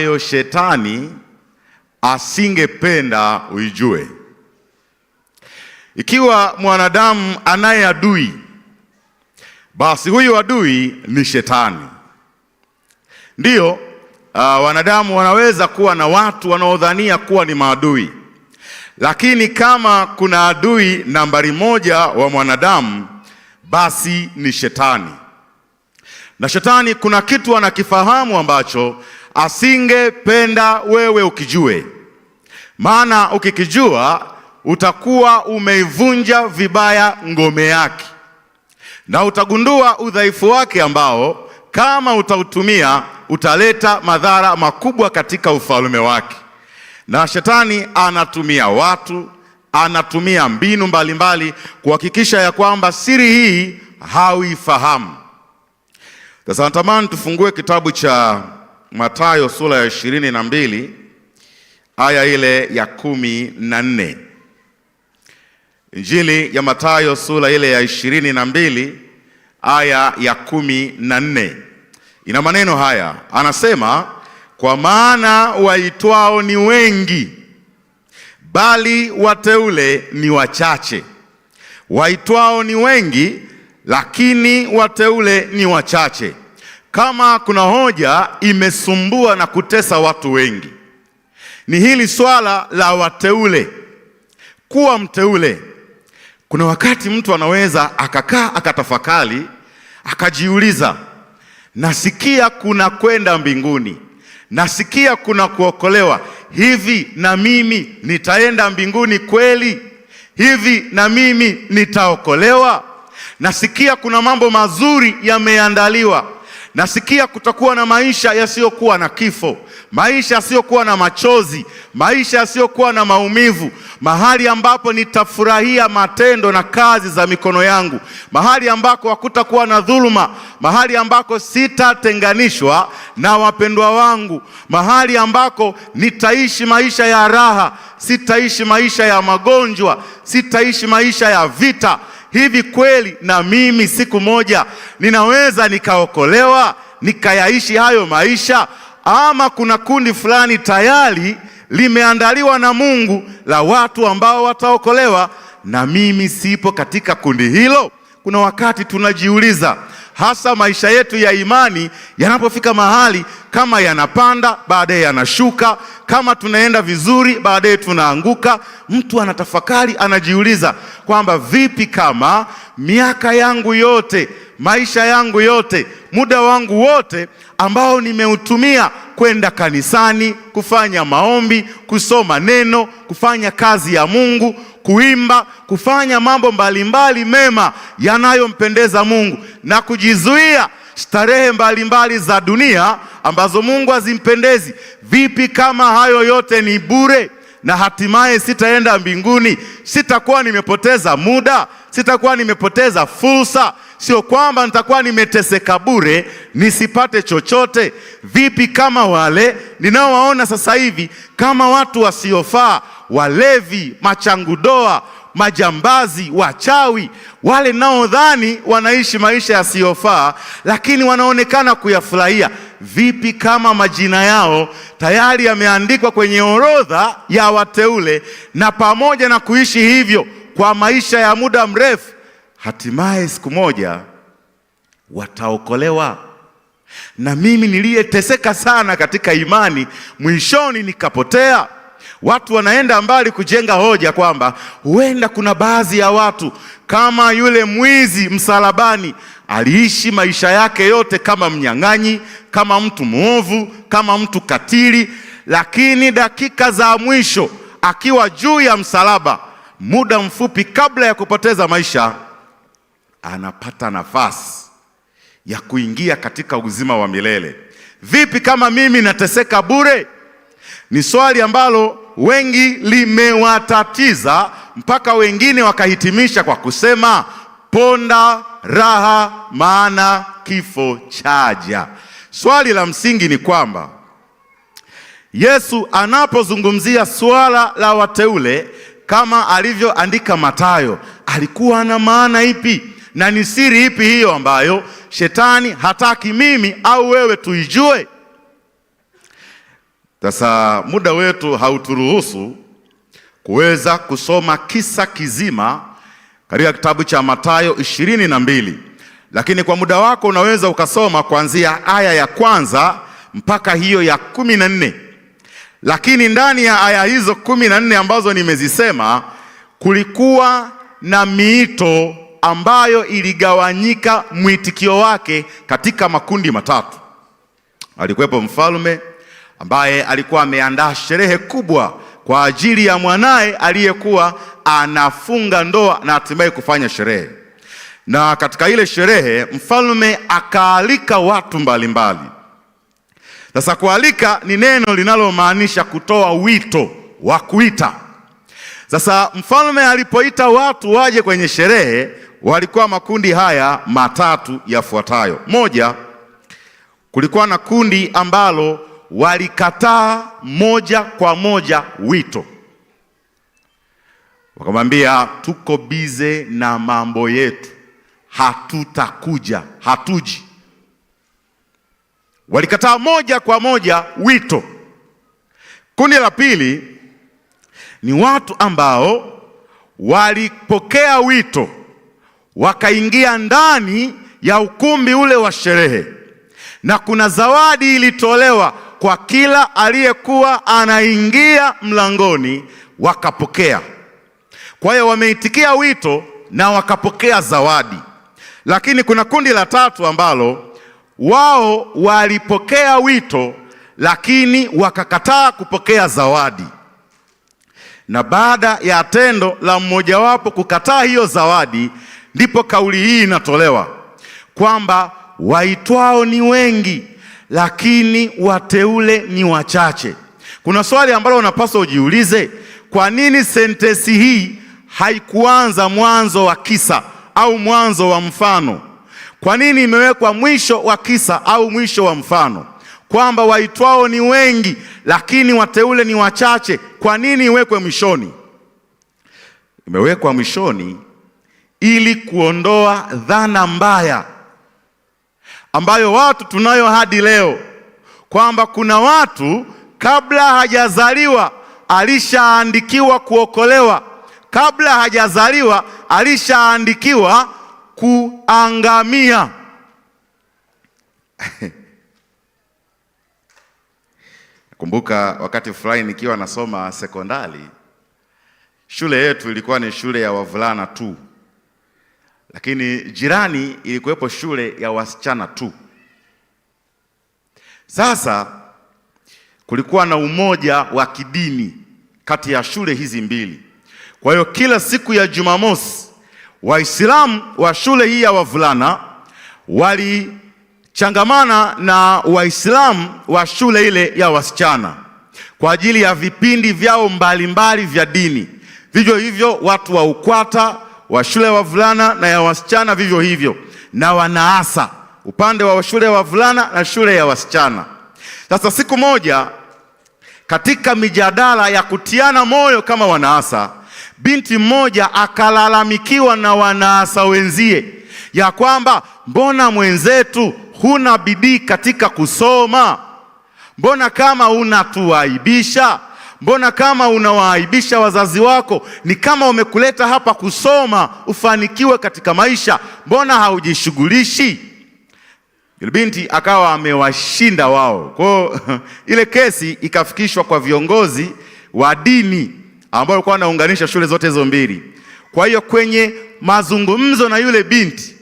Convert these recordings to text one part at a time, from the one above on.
yo shetani asingependa uijue. Ikiwa mwanadamu anaye adui, basi huyu adui ni shetani. Ndiyo, uh, ah, wanadamu wanaweza kuwa na watu wanaodhania kuwa ni maadui, lakini kama kuna adui nambari moja wa mwanadamu, basi ni shetani. Na shetani kuna kitu anakifahamu ambacho asingependa wewe ukijue, maana ukikijua utakuwa umeivunja vibaya ngome yake, na utagundua udhaifu wake ambao kama utautumia utaleta madhara makubwa katika ufalme wake. Na shetani anatumia watu, anatumia mbinu mbalimbali kuhakikisha ya kwamba siri hii hauifahamu. Sasa natamani tufungue kitabu cha Mathayo sura ya ishirini na mbili aya ile ya kumi na nne. Injili ya Mathayo sura ile ya ishirini na mbili aya ya kumi na nne ina maneno haya, anasema kwa maana waitwao ni wengi, bali wateule ni wachache. Waitwao ni wengi, lakini wateule ni wachache. Kama kuna hoja imesumbua na kutesa watu wengi, ni hili swala la wateule kuwa mteule. Kuna wakati mtu anaweza akakaa akatafakari akajiuliza, nasikia kuna kwenda mbinguni, nasikia kuna kuokolewa. Hivi na mimi nitaenda mbinguni kweli? Hivi na mimi nitaokolewa? Nasikia kuna mambo mazuri yameandaliwa Nasikia kutakuwa na maisha yasiyokuwa na kifo, maisha yasiyokuwa na machozi, maisha yasiyokuwa na maumivu, mahali ambapo nitafurahia matendo na kazi za mikono yangu, mahali ambako hakutakuwa na dhuluma, mahali ambako sitatenganishwa na wapendwa wangu, mahali ambako nitaishi maisha ya raha, sitaishi maisha ya magonjwa, sitaishi maisha ya vita hivi kweli na mimi siku moja ninaweza nikaokolewa nikayaishi hayo maisha, ama kuna kundi fulani tayari limeandaliwa na Mungu la watu ambao wataokolewa na mimi sipo katika kundi hilo? Kuna wakati tunajiuliza hasa maisha yetu ya imani yanapofika mahali kama yanapanda baadaye yanashuka, kama tunaenda vizuri baadaye tunaanguka. Mtu anatafakari, anajiuliza kwamba vipi kama miaka yangu yote maisha yangu yote, muda wangu wote ambao nimeutumia kwenda kanisani, kufanya maombi, kusoma neno, kufanya kazi ya Mungu, kuimba, kufanya mambo mbalimbali mbali mema yanayompendeza Mungu na kujizuia starehe mbalimbali za dunia ambazo Mungu hazimpendezi. Vipi kama hayo yote ni bure? na hatimaye sitaenda mbinguni, sitakuwa nimepoteza muda, sitakuwa nimepoteza fursa. Sio kwamba nitakuwa nimeteseka bure nisipate chochote. Vipi kama wale ninaowaona sasa hivi kama watu wasiofaa, walevi, machangudoa majambazi, wachawi, wale naodhani wanaishi maisha yasiyofaa, lakini wanaonekana kuyafurahia. Vipi kama majina yao tayari yameandikwa kwenye orodha ya wateule, na pamoja na kuishi hivyo kwa maisha ya muda mrefu, hatimaye siku moja wataokolewa. Na mimi niliyeteseka sana katika imani, mwishoni nikapotea Watu wanaenda mbali kujenga hoja kwamba huenda kuna baadhi ya watu kama yule mwizi msalabani aliishi maisha yake yote kama mnyang'anyi, kama mtu mwovu, kama mtu katili, lakini dakika za mwisho akiwa juu ya msalaba, muda mfupi kabla ya kupoteza maisha, anapata nafasi ya kuingia katika uzima wa milele. Vipi kama mimi nateseka bure? Ni swali ambalo wengi limewatatiza mpaka wengine wakahitimisha kwa kusema ponda raha, maana kifo chaja. Swali la msingi ni kwamba Yesu anapozungumzia swala la wateule kama alivyoandika Mathayo, alikuwa na maana ipi? Na ni siri ipi hiyo ambayo shetani hataki mimi au wewe tuijue? Sasa muda wetu hauturuhusu kuweza kusoma kisa kizima katika kitabu cha Mathayo ishirini na mbili, lakini kwa muda wako unaweza ukasoma kuanzia aya ya kwanza mpaka hiyo ya kumi na nne. Lakini ndani ya aya hizo kumi na nne ambazo nimezisema kulikuwa na miito ambayo iligawanyika mwitikio wake katika makundi matatu. Alikuwepo mfalme ambaye alikuwa ameandaa sherehe kubwa kwa ajili ya mwanaye aliyekuwa anafunga ndoa na hatimaye kufanya sherehe. Na katika ile sherehe mfalme akaalika watu mbalimbali mbali. Sasa kualika ni neno linalomaanisha kutoa wito wa kuita. Sasa mfalme alipoita watu waje kwenye sherehe, walikuwa makundi haya matatu yafuatayo. Moja, kulikuwa na kundi ambalo walikataa moja kwa moja wito, wakamwambia tuko bize na mambo yetu, hatutakuja, hatuji. Walikataa moja kwa moja wito. Kundi la pili ni watu ambao walipokea wito wakaingia ndani ya ukumbi ule wa sherehe, na kuna zawadi ilitolewa kwa kila aliyekuwa anaingia mlangoni wakapokea. Kwa hiyo wameitikia wito na wakapokea zawadi. Lakini kuna kundi la tatu ambalo wao walipokea wito lakini wakakataa kupokea zawadi. Na baada ya tendo la mmojawapo kukataa hiyo zawadi, ndipo kauli hii inatolewa kwamba waitwao ni wengi lakini wateule ni wachache. Kuna swali ambalo unapaswa ujiulize, kwa nini sentensi hii haikuanza mwanzo wa kisa au mwanzo wa mfano? Kwa nini imewekwa mwisho wa kisa au mwisho wa mfano, kwamba waitwao ni wengi lakini wateule ni wachache? Kwa nini iwekwe mwishoni? Imewekwa mwishoni ili kuondoa dhana mbaya ambayo watu tunayo hadi leo, kwamba kuna watu kabla hajazaliwa alishaandikiwa kuokolewa, kabla hajazaliwa alishaandikiwa kuangamia. Kumbuka wakati fulani nikiwa nasoma sekondari, shule yetu ilikuwa ni shule ya wavulana tu lakini jirani ilikuwepo shule ya wasichana tu. Sasa kulikuwa na umoja wa kidini kati ya shule hizi mbili. Kwa hiyo kila siku ya Jumamosi Waislamu wa shule hii ya wavulana walichangamana na Waislamu wa shule ile ya wasichana kwa ajili ya vipindi vyao mbalimbali mbali vya dini. Vivyo hivyo watu wa Ukwata wa shule ya wavulana na ya wasichana vivyo hivyo, na wanaasa upande wa shule ya wavulana na shule ya wasichana. Sasa siku moja katika mijadala ya kutiana moyo kama wanaasa, binti mmoja akalalamikiwa na wanaasa wenzie ya kwamba mbona mwenzetu huna bidii katika kusoma, mbona kama unatuaibisha Mbona kama unawaaibisha wazazi wako? Ni kama umekuleta hapa kusoma ufanikiwe katika maisha, mbona haujishughulishi? Yule binti akawa amewashinda wao kwao. Ile kesi ikafikishwa kwa viongozi wa dini ambao walikuwa wanaunganisha shule zote hizo mbili. Kwa hiyo kwenye mazungumzo na yule binti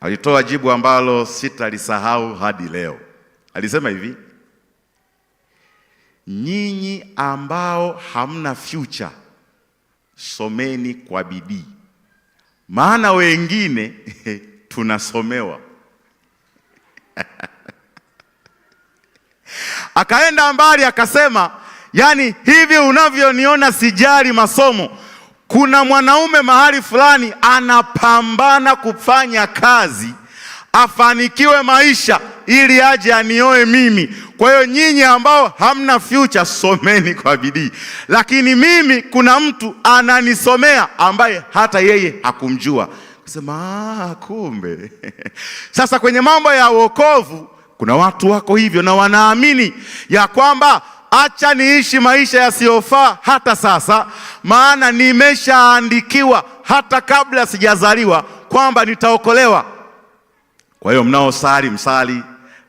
alitoa jibu ambalo sitalisahau hadi leo. Alisema hivi: nyinyi ambao hamna future someni kwa bidii, maana wengine tunasomewa. Akaenda mbali akasema, yani hivi unavyoniona sijali masomo. Kuna mwanaume mahali fulani anapambana kufanya kazi afanikiwe maisha ili aje anioe mimi kwa hiyo nyinyi ambao hamna future, someni kwa bidii, lakini mimi kuna mtu ananisomea ambaye hata yeye hakumjua kusema ah, kumbe. Sasa kwenye mambo ya wokovu kuna watu wako hivyo na wanaamini ya kwamba acha niishi maisha yasiyofaa hata sasa, maana nimeshaandikiwa hata kabla sijazaliwa kwamba nitaokolewa. Kwa hiyo mnaosali msali,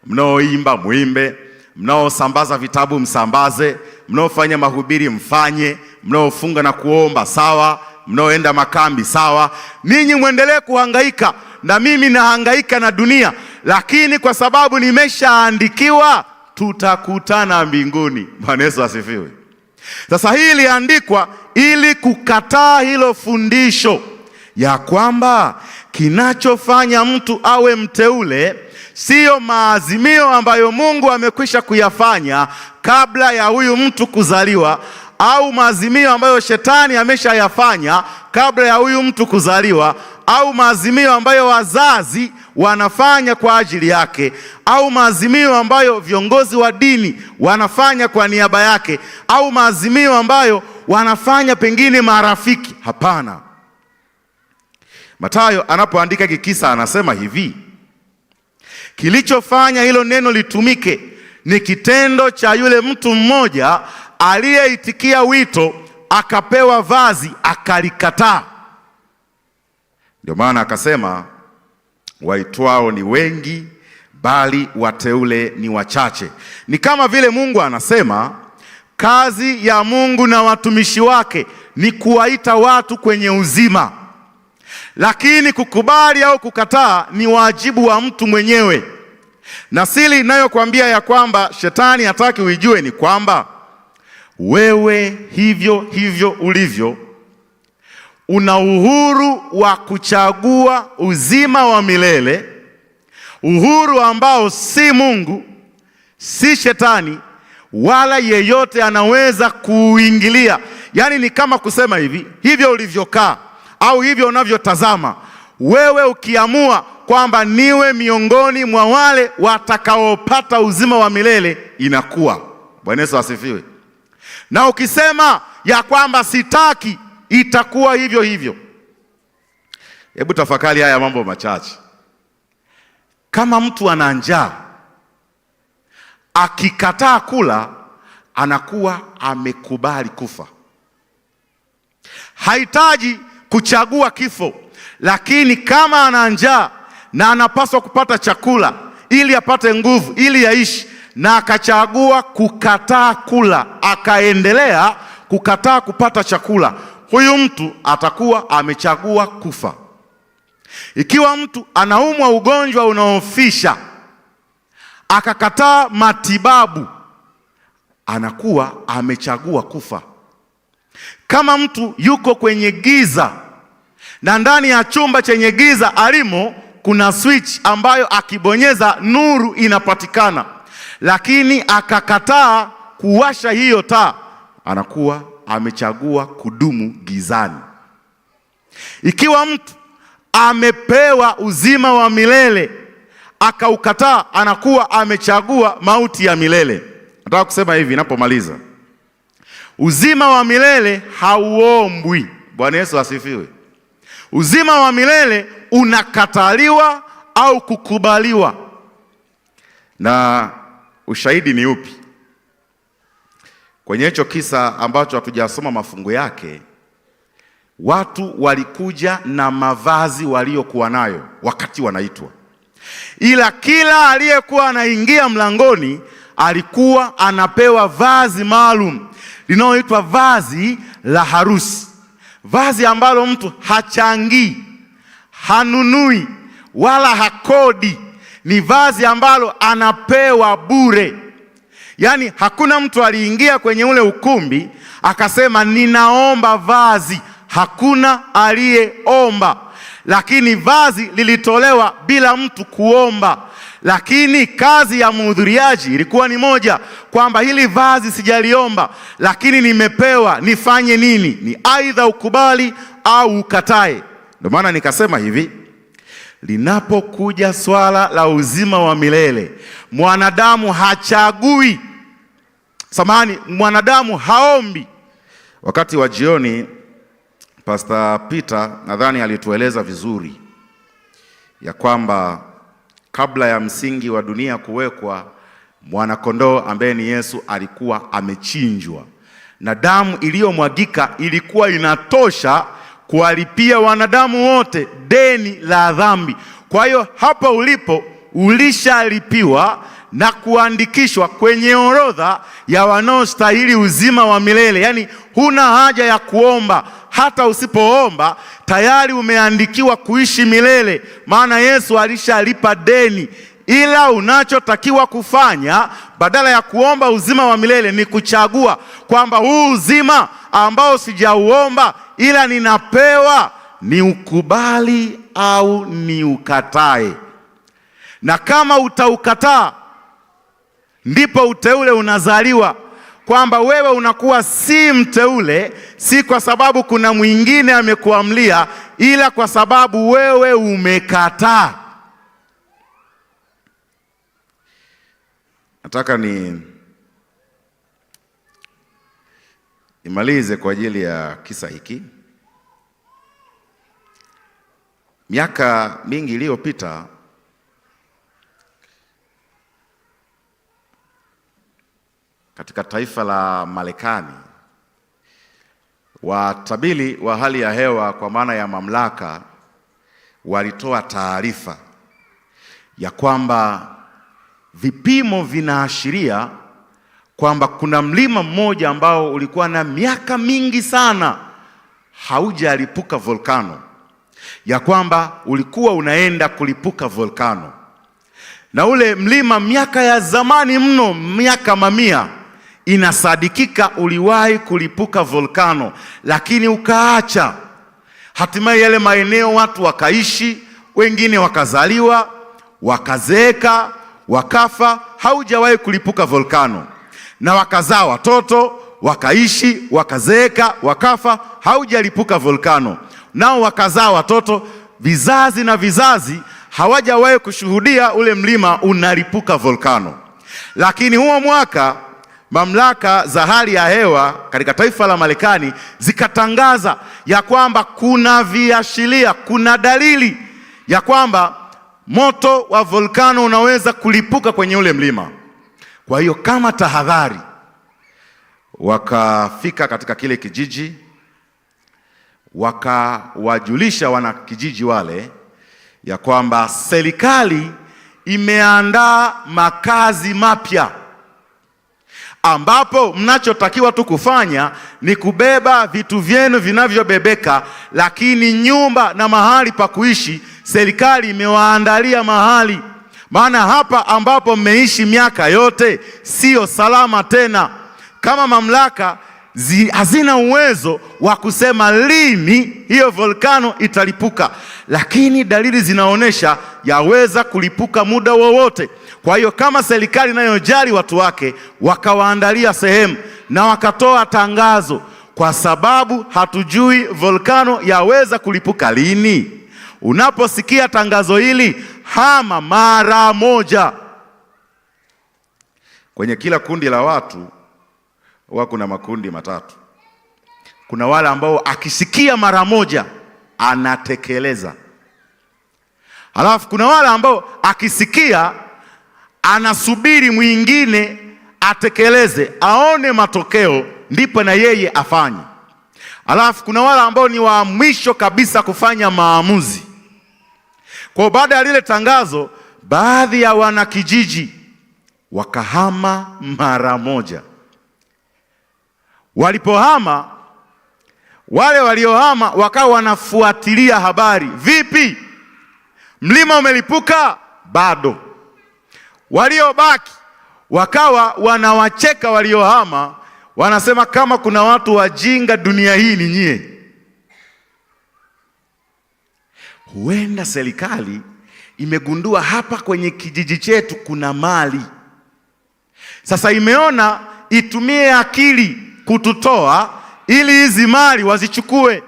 mnaoimba mwimbe, mnaosambaza vitabu msambaze, mnaofanya mahubiri mfanye, mnaofunga na kuomba sawa, mnaoenda makambi sawa. Ninyi mwendelee kuhangaika na mimi nahangaika na dunia, lakini kwa sababu nimeshaandikiwa tutakutana mbinguni. Bwana Yesu asifiwe. Sasa hii iliandikwa ili kukataa hilo fundisho ya kwamba kinachofanya mtu awe mteule siyo maazimio ambayo Mungu amekwisha kuyafanya kabla ya huyu mtu kuzaliwa au maazimio ambayo shetani ameshayafanya kabla ya huyu mtu kuzaliwa au maazimio ambayo wazazi wanafanya kwa ajili yake au maazimio ambayo viongozi wa dini wanafanya kwa niaba yake au maazimio ambayo wanafanya pengine marafiki. Hapana. Mathayo anapoandika kikisa anasema hivi Kilichofanya hilo neno litumike ni kitendo cha yule mtu mmoja aliyeitikia wito akapewa vazi akalikataa. Ndio maana akasema waitwao ni wengi bali wateule ni wachache. Ni kama vile Mungu anasema kazi ya Mungu na watumishi wake ni kuwaita watu kwenye uzima. Lakini kukubali au kukataa ni wajibu wa mtu mwenyewe, na siri inayokwambia ya kwamba shetani hataki uijue ni kwamba wewe hivyo hivyo ulivyo, una uhuru wa kuchagua uzima wa milele, uhuru ambao si Mungu si shetani wala yeyote anaweza kuuingilia. Yaani ni kama kusema hivi, hivyo ulivyokaa au hivyo unavyotazama wewe, ukiamua kwamba niwe miongoni mwa wale watakaopata uzima wa milele inakuwa. Bwana Yesu asifiwe. Na ukisema ya kwamba sitaki, itakuwa hivyo hivyo. Hebu tafakari haya mambo machache. Kama mtu ana njaa akikataa kula, anakuwa amekubali kufa. Hahitaji kuchagua kifo, lakini kama ana njaa na anapaswa kupata chakula ili apate nguvu ili yaishi, na akachagua kukataa kula, akaendelea kukataa kupata chakula, huyu mtu atakuwa amechagua kufa. Ikiwa mtu anaumwa ugonjwa unaofisha akakataa matibabu, anakuwa amechagua kufa. Kama mtu yuko kwenye giza na ndani ya chumba chenye giza alimo kuna switch ambayo akibonyeza nuru inapatikana, lakini akakataa kuwasha hiyo taa, anakuwa amechagua kudumu gizani. Ikiwa mtu amepewa uzima wa milele akaukataa, anakuwa amechagua mauti ya milele. Nataka kusema hivi napomaliza, uzima wa milele hauombwi. Bwana Yesu asifiwe. Uzima wa milele unakataliwa au kukubaliwa? Na ushahidi ni upi? Kwenye hicho kisa ambacho hatujasoma mafungu yake, watu walikuja na mavazi waliokuwa nayo wakati wanaitwa, ila kila aliyekuwa anaingia mlangoni alikuwa anapewa vazi maalum linaloitwa vazi la harusi vazi ambalo mtu hachangii, hanunui wala hakodi, ni vazi ambalo anapewa bure. Yaani hakuna mtu aliingia kwenye ule ukumbi akasema ninaomba vazi. Hakuna aliyeomba, lakini vazi lilitolewa bila mtu kuomba. Lakini kazi ya mhudhuriaji ilikuwa ni moja, kwamba hili vazi sijaliomba, lakini nimepewa, nifanye nini? Ni aidha ukubali au ukatae. Ndio maana nikasema hivi, linapokuja swala la uzima wa milele mwanadamu hachagui, samahani, mwanadamu haombi. Wakati wa jioni, Pastor Peter nadhani alitueleza vizuri ya kwamba kabla ya msingi wa dunia kuwekwa, mwanakondoo ambaye ni Yesu alikuwa amechinjwa, na damu iliyomwagika ilikuwa inatosha kuwalipia wanadamu wote deni la dhambi. Kwa hiyo hapa ulipo ulishalipiwa na kuandikishwa kwenye orodha ya wanaostahili uzima wa milele, yaani huna haja ya kuomba hata usipoomba tayari umeandikiwa kuishi milele, maana Yesu alishalipa deni. Ila unachotakiwa kufanya badala ya kuomba uzima wa milele ni kuchagua kwamba huu uzima ambao sijauomba ila ninapewa, ni ukubali au ni ukatae. Na kama utaukataa, ndipo uteule unazaliwa kwamba wewe unakuwa si mteule, si kwa sababu kuna mwingine amekuamlia, ila kwa sababu wewe umekataa. Nataka ni nimalize kwa ajili ya kisa hiki. Miaka mingi iliyopita katika taifa la Marekani, watabiri wa hali ya hewa kwa maana ya mamlaka walitoa taarifa ya kwamba vipimo vinaashiria kwamba kuna mlima mmoja ambao ulikuwa na miaka mingi sana haujalipuka volkano, ya kwamba ulikuwa unaenda kulipuka volkano, na ule mlima miaka ya zamani mno, miaka mamia Inasadikika uliwahi kulipuka volkano, lakini ukaacha. Hatimaye yale maeneo watu wakaishi, wengine wakazaliwa, wakazeeka, wakafa. Haujawahi kulipuka volkano, na wakazaa watoto, wakaishi, wakazeeka, wakafa. Haujalipuka volkano, nao wakazaa watoto, vizazi na vizazi hawajawahi kushuhudia ule mlima unalipuka volkano, lakini huo mwaka mamlaka za hali ya hewa katika taifa la Marekani zikatangaza ya kwamba kuna viashiria, kuna dalili ya kwamba moto wa volkano unaweza kulipuka kwenye ule mlima. Kwa hiyo kama tahadhari, wakafika katika kile kijiji, wakawajulisha wanakijiji wale ya kwamba serikali imeandaa makazi mapya ambapo mnachotakiwa tu kufanya ni kubeba vitu vyenu vinavyobebeka, lakini nyumba na mahali pa kuishi serikali imewaandalia mahali. Maana hapa ambapo mmeishi miaka yote siyo salama tena. Kama mamlaka zi, hazina uwezo wa kusema lini hiyo volkano italipuka, lakini dalili zinaonyesha yaweza kulipuka muda wowote. Kwa hiyo kama serikali inayojali watu wake wakawaandalia sehemu na wakatoa tangazo, kwa sababu hatujui volkano yaweza kulipuka lini. Unaposikia tangazo hili, hama mara moja. Kwenye kila kundi la watu huwa kuna makundi matatu. Kuna wale ambao akisikia mara moja anatekeleza, halafu kuna wale ambao akisikia anasubiri mwingine atekeleze, aone matokeo, ndipo na yeye afanye. Alafu kuna wale ambao ni wa mwisho kabisa kufanya maamuzi. Kwa baada ya lile tangazo, baadhi ya wanakijiji wakahama mara moja. Walipohama, wale waliohama wakawa wanafuatilia habari, vipi, mlima umelipuka bado? Waliobaki wakawa wanawacheka waliohama, wanasema kama kuna watu wajinga dunia hii ni nyie. Huenda serikali imegundua hapa kwenye kijiji chetu kuna mali sasa, imeona itumie akili kututoa ili hizi mali wazichukue.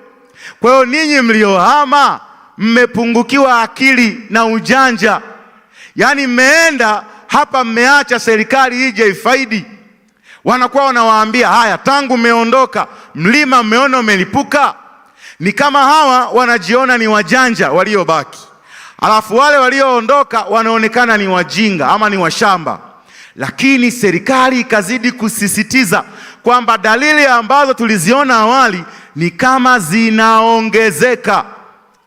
Kwa hiyo ninyi mliohama mmepungukiwa akili na ujanja, yaani mmeenda hapa mmeacha serikali ije ifaidi, wanakuwa wanawaambia haya, tangu mmeondoka mlima mmeona umelipuka. Ni kama hawa wanajiona ni wajanja waliobaki, alafu wale walioondoka wanaonekana ni wajinga ama ni washamba. Lakini serikali ikazidi kusisitiza kwamba dalili ambazo tuliziona awali ni kama zinaongezeka.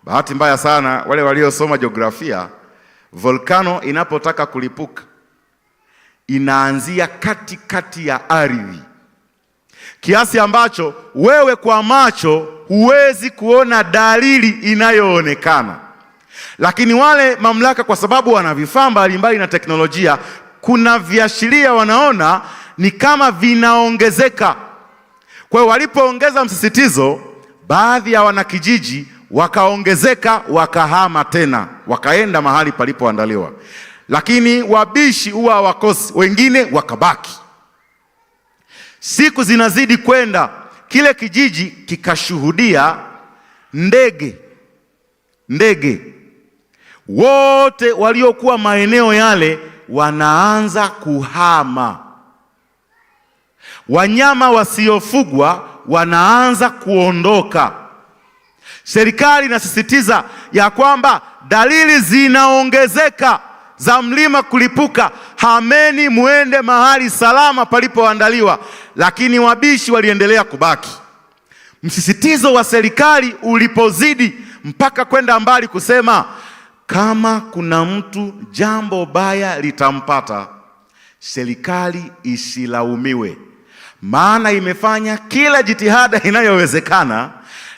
Bahati mbaya sana wale waliosoma jiografia, volkano inapotaka kulipuka inaanzia katikati kati ya ardhi, kiasi ambacho wewe kwa macho huwezi kuona dalili inayoonekana, lakini wale mamlaka, kwa sababu wana vifaa mbalimbali na teknolojia, kuna viashiria wanaona ni kama vinaongezeka. Kwa hiyo walipoongeza msisitizo, baadhi ya wanakijiji wakaongezeka wakahama tena wakaenda mahali palipoandaliwa lakini wabishi huwa hawakosi, wengine wakabaki. Siku zinazidi kwenda, kile kijiji kikashuhudia ndege ndege wote waliokuwa maeneo yale wanaanza kuhama, wanyama wasiofugwa wanaanza kuondoka. Serikali inasisitiza ya kwamba dalili zinaongezeka za mlima kulipuka, hameni muende mahali salama palipoandaliwa. Lakini wabishi waliendelea kubaki. Msisitizo wa serikali ulipozidi mpaka kwenda mbali kusema kama kuna mtu jambo baya litampata, serikali isilaumiwe, maana imefanya kila jitihada inayowezekana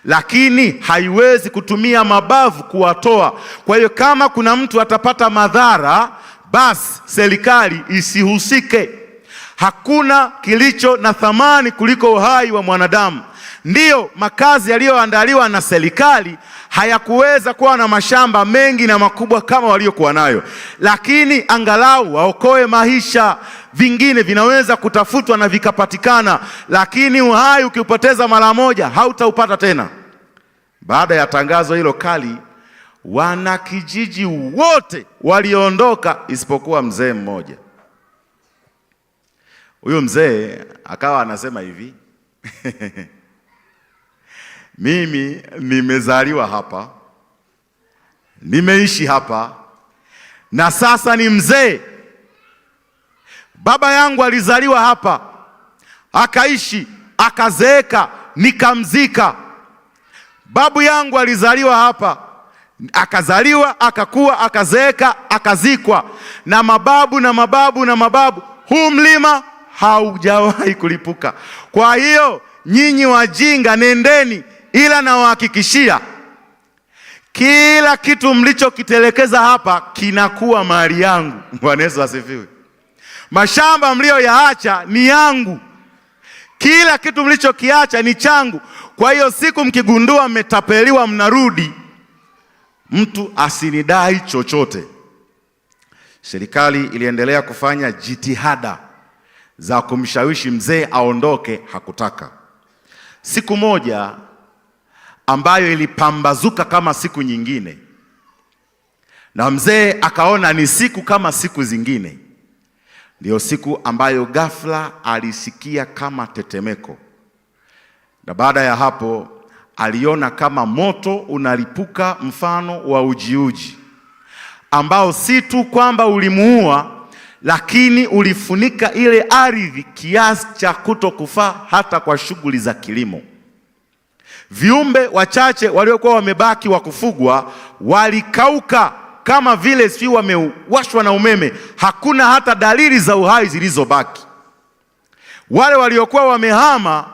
lakini haiwezi kutumia mabavu kuwatoa. Kwa hiyo kama kuna mtu atapata madhara, basi serikali isihusike. Hakuna kilicho na thamani kuliko uhai wa mwanadamu. Ndiyo, makazi yaliyoandaliwa na serikali hayakuweza kuwa na mashamba mengi na makubwa kama waliokuwa nayo, lakini angalau waokoe maisha. Vingine vinaweza kutafutwa na vikapatikana, lakini uhai ukiupoteza mara moja hautaupata tena. Baada ya tangazo hilo kali, wanakijiji wote waliondoka isipokuwa mzee mmoja. Huyu mzee akawa anasema hivi Mimi nimezaliwa hapa, nimeishi hapa na sasa ni mzee. Baba yangu alizaliwa hapa, akaishi, akazeeka, nikamzika. Babu yangu alizaliwa hapa, akazaliwa, akakua akazeeka, akazikwa na mababu na mababu na mababu. Huu mlima haujawahi kulipuka. Kwa hiyo nyinyi wajinga, nendeni ila nawahakikishia kila kitu mlichokitelekeza hapa kinakuwa mali yangu. Bwana Yesu asifiwe. Mashamba mliyoyaacha ni yangu, kila kitu mlichokiacha ni changu. Kwa hiyo siku mkigundua mmetapeliwa, mnarudi, mtu asinidai chochote. Serikali iliendelea kufanya jitihada za kumshawishi mzee aondoke, hakutaka. Siku moja ambayo ilipambazuka kama siku nyingine, na mzee akaona ni siku kama siku zingine. Ndiyo siku ambayo ghafla alisikia kama tetemeko, na baada ya hapo aliona kama moto unalipuka mfano wa ujiuji ambao si tu kwamba ulimuua, lakini ulifunika ile ardhi kiasi cha kutokufaa hata kwa shughuli za kilimo. Viumbe wachache waliokuwa wamebaki wa kufugwa walikauka kama vile si wamewashwa na umeme. Hakuna hata dalili za uhai zilizobaki. Wale waliokuwa wamehama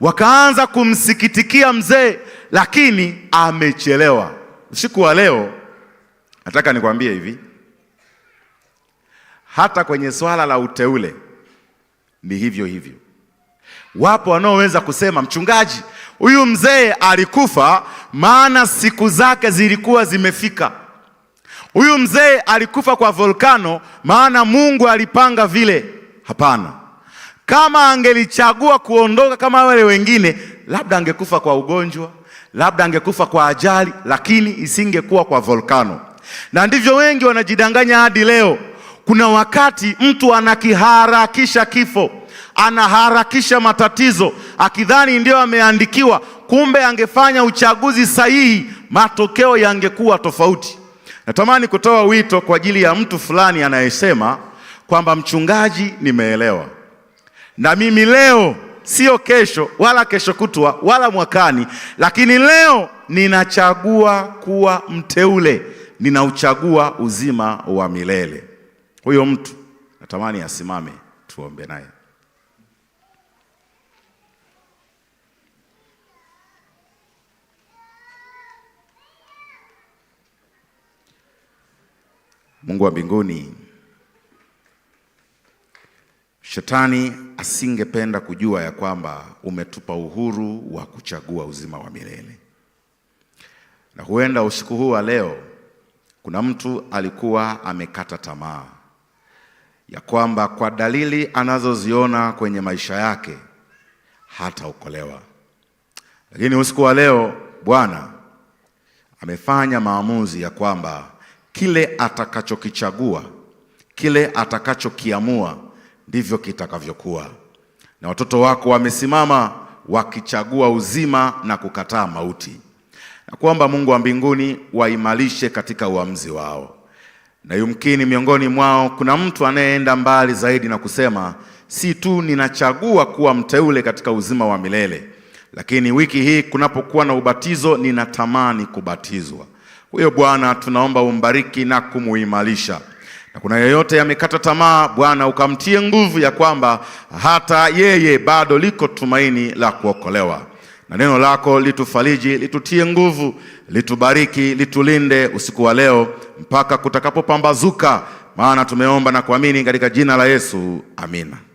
wakaanza kumsikitikia mzee, lakini amechelewa. Usiku wa leo nataka nikwambie hivi, hata kwenye swala la uteule ni hivyo hivyo. Wapo wanaoweza kusema mchungaji huyu mzee alikufa maana siku zake zilikuwa zimefika. Huyu mzee alikufa kwa volkano maana Mungu alipanga vile? Hapana. Kama angelichagua kuondoka kama wale wengine, labda angekufa kwa ugonjwa, labda angekufa kwa ajali, lakini isingekuwa kwa volkano. Na ndivyo wengi wanajidanganya hadi leo. Kuna wakati mtu anakiharakisha kifo, anaharakisha matatizo akidhani ndio ameandikiwa, kumbe angefanya uchaguzi sahihi, matokeo yangekuwa tofauti. Natamani kutoa wito kwa ajili ya mtu fulani anayesema kwamba mchungaji, nimeelewa na mimi leo, sio kesho wala kesho kutwa wala mwakani, lakini leo ninachagua kuwa mteule, ninauchagua uzima wa milele. Huyo mtu natamani asimame, tuombe naye. Mungu wa mbinguni, shetani asingependa kujua ya kwamba umetupa uhuru wa kuchagua uzima wa milele. Na huenda usiku huu wa leo kuna mtu alikuwa amekata tamaa ya kwamba kwa dalili anazoziona kwenye maisha yake hataokolewa, lakini usiku wa leo Bwana amefanya maamuzi ya kwamba kile atakachokichagua, kile atakachokiamua ndivyo kitakavyokuwa. Na watoto wako wamesimama wakichagua uzima na kukataa mauti, na kuomba Mungu wa mbinguni waimarishe katika uamuzi wao. Na yumkini miongoni mwao kuna mtu anayeenda mbali zaidi na kusema si tu ninachagua kuwa mteule katika uzima wa milele, lakini wiki hii kunapokuwa na ubatizo ninatamani kubatizwa. Huyo Bwana tunaomba umbariki na kumuimarisha na kuna yeyote yamekata tamaa, Bwana ukamtie nguvu ya kwamba hata yeye bado liko tumaini la kuokolewa, na neno lako litufariji, litutie nguvu, litubariki, litulinde usiku wa leo mpaka kutakapopambazuka, maana tumeomba na kuamini katika jina la Yesu, amina.